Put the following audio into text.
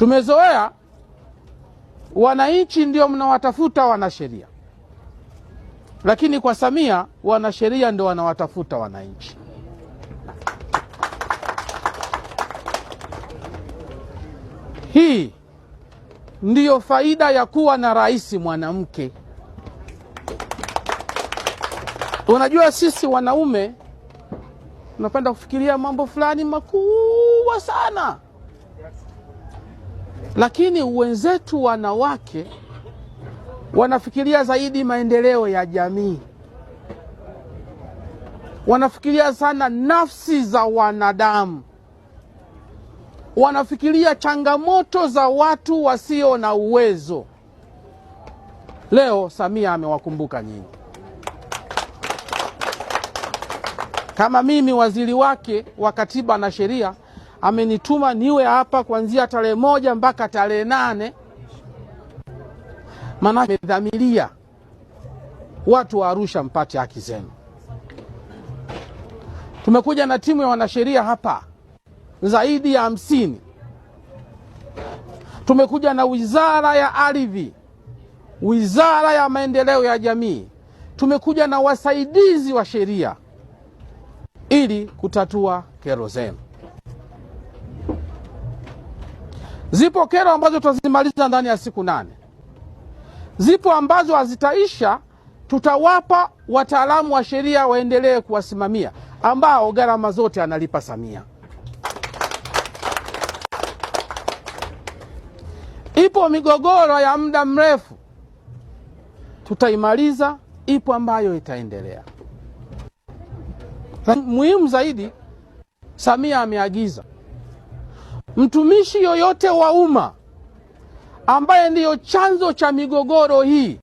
Tumezoea wananchi ndio mnawatafuta wanasheria, lakini kwa Samia wanasheria ndio wanawatafuta wananchi. Hii ndiyo faida ya kuwa na rais mwanamke. Unajua, sisi wanaume tunapenda kufikiria mambo fulani makubwa sana lakini wenzetu wanawake wanafikiria zaidi maendeleo ya jamii, wanafikiria sana nafsi za wanadamu, wanafikiria changamoto za watu wasio na uwezo. Leo Samia amewakumbuka nyinyi. Kama mimi waziri wake wa katiba na sheria amenituma niwe hapa kuanzia tarehe moja mpaka tarehe nane maana amedhamiria watu wa Arusha mpate haki zenu. Tumekuja na timu ya wanasheria hapa zaidi ya hamsini. Tumekuja na wizara ya ardhi, wizara ya maendeleo ya jamii, tumekuja na wasaidizi wa sheria ili kutatua kero zenu. Zipo kero ambazo tutazimaliza ndani ya siku nane. Zipo ambazo hazitaisha, tutawapa wataalamu wa sheria waendelee kuwasimamia, ambao gharama zote analipa Samia. Ipo migogoro ya muda mrefu tutaimaliza, ipo ambayo itaendelea. Muhimu zaidi, Samia ameagiza Mtumishi yoyote wa umma ambaye ndiyo chanzo cha migogoro hii